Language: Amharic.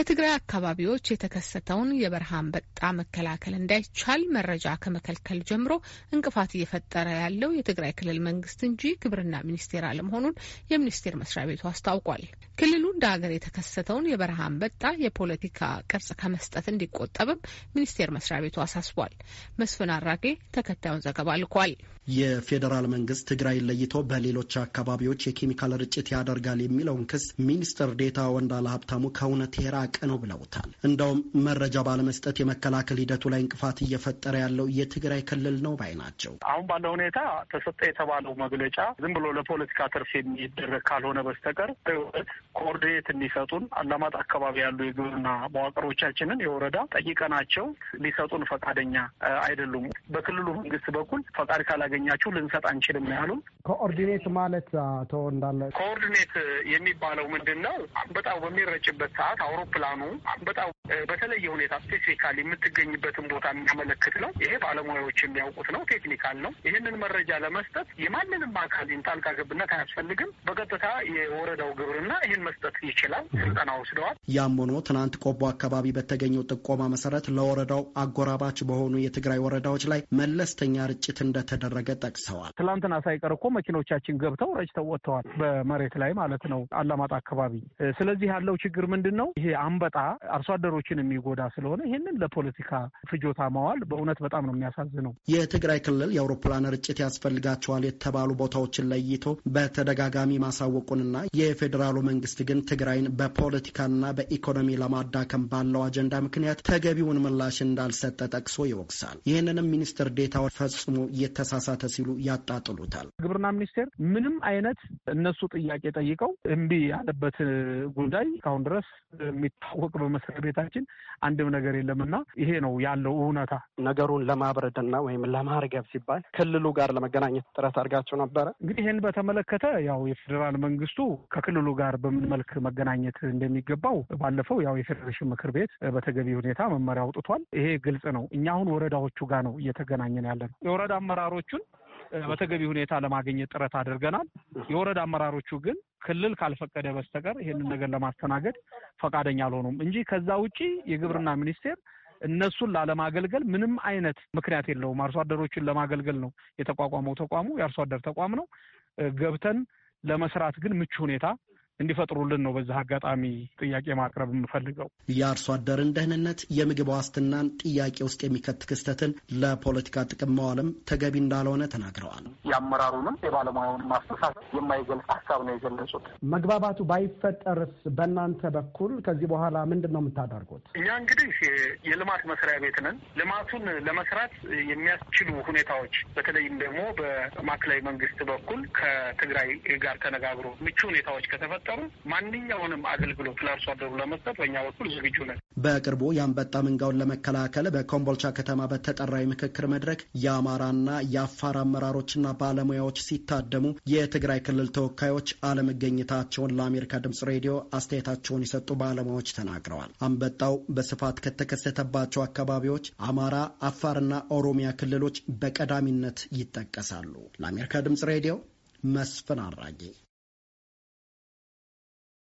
በትግራይ አካባቢዎች የተከሰተውን የበረሃ አንበጣ መከላከል እንዳይቻል መረጃ ከመከልከል ጀምሮ እንቅፋት እየፈጠረ ያለው የትግራይ ክልል መንግስት እንጂ ግብርና ሚኒስቴር አለመሆኑን የሚኒስቴር መስሪያ ቤቱ አስታውቋል። ክልሉ እንደ ሀገር የተከሰተውን የበረሃ አንበጣ የፖለቲካ ቅርጽ ከመስጠት እንዲቆጠብም ሚኒስቴር መስሪያ ቤቱ አሳስቧል። መስፍን አራጌ ተከታዩን ዘገባ ልኳል። የፌዴራል መንግስት ትግራይን ለይቶ በሌሎች አካባቢዎች የኬሚካል ርጭት ያደርጋል የሚለውን ክስ ሚኒስትር ዴታ ወንዳለ ሀብታሙ ከእውነት የራቀ የላቀ ነው ብለውታል። እንደውም መረጃ ባለመስጠት የመከላከል ሂደቱ ላይ እንቅፋት እየፈጠረ ያለው የትግራይ ክልል ነው ባይ ናቸው። አሁን ባለው ሁኔታ ተሰጠ የተባለው መግለጫ ዝም ብሎ ለፖለቲካ ትርፍ የሚደረግ ካልሆነ በስተቀር ኮኦርዲኔት እንዲሰጡን አላማት አካባቢ ያሉ የግብርና መዋቅሮቻችንን የወረዳ ጠይቀናቸው ሊሰጡን ፈቃደኛ አይደሉም። በክልሉ መንግስት በኩል ፈቃድ ካላገኛችሁ ልንሰጥ አንችልም ያሉም። ኮኦርዲኔት ማለት አቶ እንዳለ ኮኦርዲኔት የሚባለው ምንድን ነው? በጣም በሚረጭበት ሰዓት አውሮ አውሮፕላኑ በጣም በተለየ ሁኔታ ስፔሲፊካሊ የምትገኝበትን ቦታ የሚያመለክት ነው። ይሄ ባለሙያዎች የሚያውቁት ነው። ቴክኒካል ነው። ይህንን መረጃ ለመስጠት የማንንም አካልን ጣልቃ ገብነት አያስፈልግም። በቀጥታ የወረዳው ግብርና ይህን መስጠት ይችላል። ስልጠና ወስደዋል። ያም ሆኖ ትናንት ቆቦ አካባቢ በተገኘው ጥቆማ መሰረት ለወረዳው አጎራባች በሆኑ የትግራይ ወረዳዎች ላይ መለስተኛ ርጭት እንደተደረገ ጠቅሰዋል። ትላንትና ሳይቀር እኮ መኪኖቻችን ገብተው ረጭተው ወጥተዋል። በመሬት ላይ ማለት ነው፣ አላማጣ አካባቢ። ስለዚህ ያለው ችግር ምንድን ነው? ይሄ አንበጣ አርሶ አደሮችን የሚጎዳ ስለሆነ ይህንን ለፖለቲካ ፍጆታ ማዋል በእውነት በጣም ነው የሚያሳዝነው። የትግራይ ክልል የአውሮፕላን ርጭት ያስፈልጋቸዋል የተባሉ ቦታዎችን ለይቶ በተደጋጋሚ ማሳወቁንና የፌዴራሉ መንግስት ግን ትግራይን በፖለቲካና በኢኮኖሚ ለማዳከም ባለው አጀንዳ ምክንያት ተገቢውን ምላሽ እንዳልሰጠ ጠቅሶ ይወቅሳል። ይህንንም ሚኒስትር ዴታው ፈጽሞ እየተሳሳተ ሲሉ ያጣጥሉታል። ግብርና ሚኒስቴር ምንም አይነት እነሱ ጥያቄ ጠይቀው እምቢ ያለበት ጉዳይ እስካሁን ድረስ የሚታወቅ በመስሪያ ቤታችን አንድም ነገር የለም እና ይሄ ነው ያለው እውነታ። ነገሩን ለማብረድና ወይም ለማርገብ ሲባል ክልሉ ጋር ለመገናኘት ጥረት አድርጋቸው ነበረ። እንግዲህ ይህን በተመለከተ ያው የፌዴራል መንግስቱ ከክልሉ ጋር በምን መልክ መገናኘት እንደሚገባው ባለፈው ያው የፌዴሬሽን ምክር ቤት በተገቢ ሁኔታ መመሪያ አውጥቷል። ይሄ ግልጽ ነው። እኛ አሁን ወረዳዎቹ ጋር ነው እየተገናኘን ያለ ነው። የወረዳ አመራሮቹን በተገቢ ሁኔታ ለማግኘት ጥረት አድርገናል። የወረዳ አመራሮቹ ግን ክልል ካልፈቀደ በስተቀር ይህንን ነገር ለማስተናገድ ፈቃደኛ አልሆኑም እንጂ ከዛ ውጪ የግብርና ሚኒስቴር እነሱን ላለማገልገል ምንም አይነት ምክንያት የለውም። አርሶ አደሮችን ለማገልገል ነው የተቋቋመው። ተቋሙ የአርሶ አደር ተቋም ነው። ገብተን ለመስራት ግን ምቹ ሁኔታ እንዲፈጥሩልን ነው በዚህ አጋጣሚ ጥያቄ ማቅረብ የምፈልገው። የአርሶ አደርን ደህንነት፣ የምግብ ዋስትናን ጥያቄ ውስጥ የሚከት ክስተትን ለፖለቲካ ጥቅም መዋልም ተገቢ እንዳልሆነ ተናግረዋል። የአመራሩንም የባለሙያውን ማስተሳሰብ የማይገልጽ ሀሳብ ነው የገለጹት። መግባባቱ ባይፈጠርስ በእናንተ በኩል ከዚህ በኋላ ምንድን ነው የምታደርጉት? እኛ እንግዲህ የልማት መስሪያ ቤት ነን። ልማቱን ለመስራት የሚያስችሉ ሁኔታዎች በተለይም ደግሞ በማዕከላዊ መንግስት በኩል ከትግራይ ጋር ተነጋግሮ ምቹ ሁኔታዎች ከተፈጠ በመፍጠሩ ማንኛውንም አገልግሎት ለአርሶ አደሩ ለመስጠት በእኛ በኩል ዝግጁ ነን። በቅርቡ የአንበጣ መንጋውን ለመከላከል በኮምቦልቻ ከተማ በተጠራ የምክክር መድረክ የአማራና የአፋር አመራሮችና ባለሙያዎች ሲታደሙ የትግራይ ክልል ተወካዮች አለመገኘታቸውን ለአሜሪካ ድምጽ ሬዲዮ አስተያየታቸውን የሰጡ ባለሙያዎች ተናግረዋል። አንበጣው በስፋት ከተከሰተባቸው አካባቢዎች አማራ፣ አፋርና ኦሮሚያ ክልሎች በቀዳሚነት ይጠቀሳሉ። ለአሜሪካ ድምጽ ሬዲዮ መስፍን አራጌ